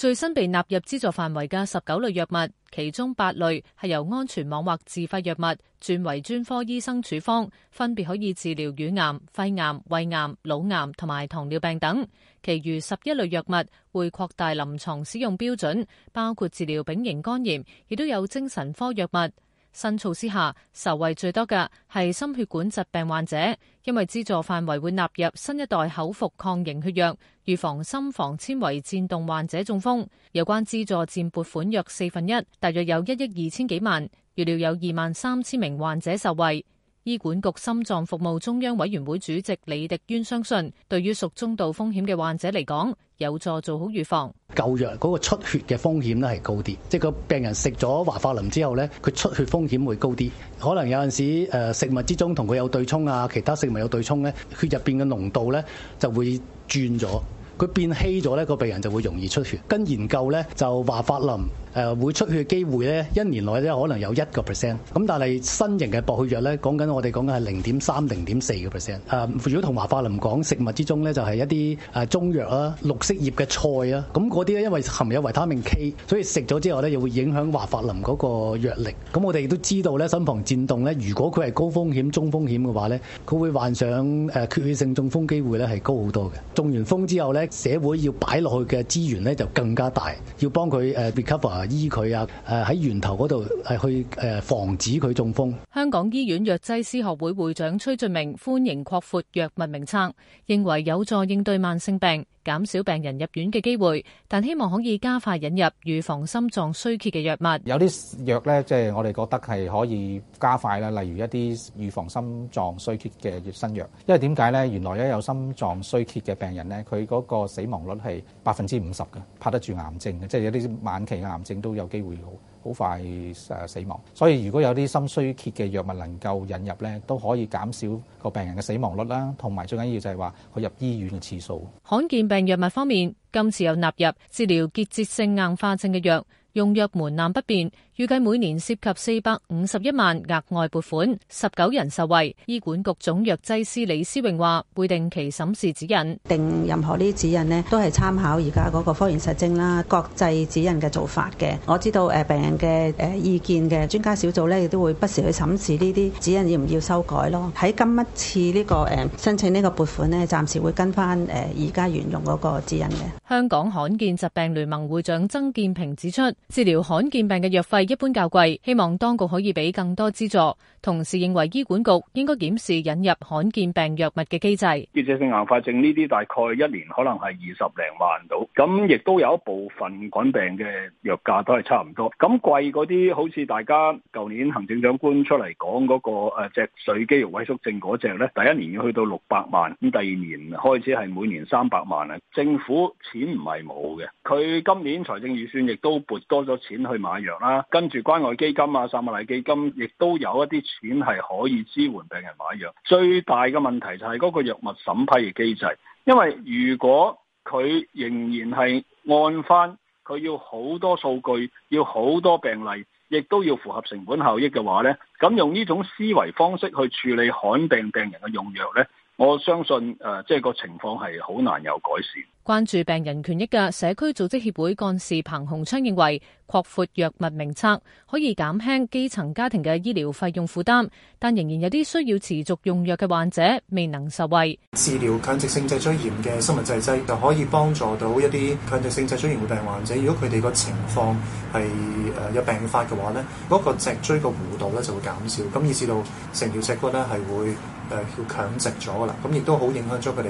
最新被納入資助範圍嘅十九類藥物，其中八類係由安全網或自費藥物轉為專科醫生處方，分別可以治療乳癌、肺癌、胃癌、腦癌同埋糖尿病等。其餘十一類藥物會擴大臨床使用標準，包括治療丙型肝炎，亦都有精神科藥物。新措施下，受惠最多嘅係心血管疾病患者，因為資助範圍會納入新一代口服抗凝血藥，預防心房纖維顫動患者中風。有關資助佔撥款約四分一，大約有一億二千幾萬，預料有二萬三千名患者受惠。醫管局心臟服務中央委員會主席李迪淵相信，對於屬中度風險嘅患者嚟講，有助做好預防。舊藥嗰個出血嘅風險咧係高啲，即係嗰病人食咗華法林之後呢，佢出血風險會高啲。可能有陣時誒食物之中同佢有對沖啊，其他食物有對沖呢，血入邊嘅濃度呢就會轉咗，佢變稀咗，呢個病人就會容易出血。跟研究呢就華法林。誒會出血嘅機會咧，一年內咧可能有一個 percent。咁但係新型嘅薄血藥咧，講緊我哋講緊係零點三、零點四個 percent。誒、呃，如果同華法林講食物之中咧，就係一啲誒中藥啊、綠色葉嘅菜啊。咁嗰啲咧，因為含有維他命 K，所以食咗之後咧，又會影響華法林嗰個藥力。咁我哋亦都知道咧，心房顫動咧，如果佢係高風險、中風險嘅話咧，佢會患上誒缺血性中風機會咧係高好多嘅。中完風之後咧，社會要擺落去嘅資源咧就更加大，要幫佢誒 recover。醫佢啊！誒喺源頭嗰度係去誒防止佢中風。香港醫院藥劑師學會會長崔俊明歡迎擴闊藥物名冊，認為有助應對慢性病。減少病人入院嘅機會，但希望可以加快引入預防心臟衰竭嘅藥物。有啲藥呢，即係我哋覺得係可以加快啦，例如一啲預防心臟衰竭嘅新藥。因為點解呢？原來一有心臟衰竭嘅病人呢，佢嗰個死亡率係百分之五十嘅，拍得住癌症嘅，即係有啲晚期癌症都有機會好。好快誒死亡，所以如果有啲心衰竭嘅藥物能夠引入咧，都可以減少個病人嘅死亡率啦，同埋最緊要就係話佢入醫院嘅次數，罕見病藥物方面，今次又納入治療結節性硬化症嘅藥。用藥門檻不變，預計每年涉及四百五十一萬額外撥款，十九人受惠。醫管局總藥劑師李思榮話，會定期審視指引，定任何呢指引呢，都係參考而家嗰個科研實證啦、國際指引嘅做法嘅。我知道誒病人嘅誒、呃、意見嘅，專家小組呢，亦都會不時去審視呢啲指引要唔要修改咯。喺今一次呢個誒申請呢個撥款呢，暫時會跟翻誒而家沿用嗰個指引嘅。香港罕見疾病聯盟會長曾建平指出。治療罕見病嘅藥費一般較貴，希望當局可以俾更多資助。同時認為醫管局應該檢視引入罕見病藥物嘅機制。結節性硬化症呢啲大概一年可能係二十零萬到，咁亦都有一部分罕病嘅藥價都係差唔多。咁貴嗰啲，好似大家舊年行政長官出嚟講嗰個誒隻、啊、脊髓肌肉萎縮症嗰隻咧，第一年要去到六百萬，咁第二年開始係每年三百萬啊。政府錢唔係冇嘅。佢今年財政預算亦都撥多咗錢去買藥啦，跟住關愛基金啊、撒瑪利亞基金亦都有一啲錢係可以支援病人買藥。最大嘅問題就係嗰個藥物審批嘅機制，因為如果佢仍然係按返佢要好多數據、要好多病例，亦都要符合成本效益嘅話呢，咁用呢種思維方式去處理罕病病人嘅用藥呢。我相信誒，即係個情況係好難有改善。關注病人權益嘅社區組織協會幹事彭洪昌認為，擴闊藥物名冊可以減輕基層家庭嘅醫療費用負擔，但仍然有啲需要持續用藥嘅患者未能受惠。治療強直性脊椎炎嘅生物製劑就可以幫助到一啲強直性脊椎炎嘅病患者。如果佢哋個情況係誒有病發嘅話咧，嗰個脊椎個弧度咧就會減少，咁以至到成條脊骨咧係會。誒要強直咗啦，咁亦都好影響咗佢哋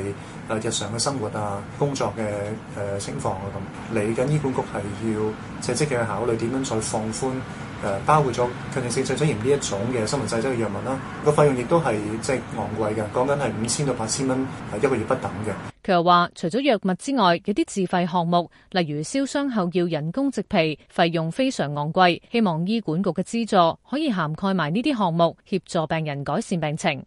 誒日常嘅生活啊、工作嘅誒情況啊。咁嚟緊，醫管局係要仔細嘅考慮點樣再放寬誒、呃，包括咗強直性脊椎炎呢一種嘅生物製劑嘅藥物啦、啊。個費用亦都係即係昂貴嘅，講緊係五千到八千蚊一個月不等嘅。佢又話，除咗藥物之外，有啲自費項目，例如燒傷後要人工植皮，費用非常昂貴。希望醫管局嘅資助可以涵蓋埋呢啲項目，協助病人改善病情。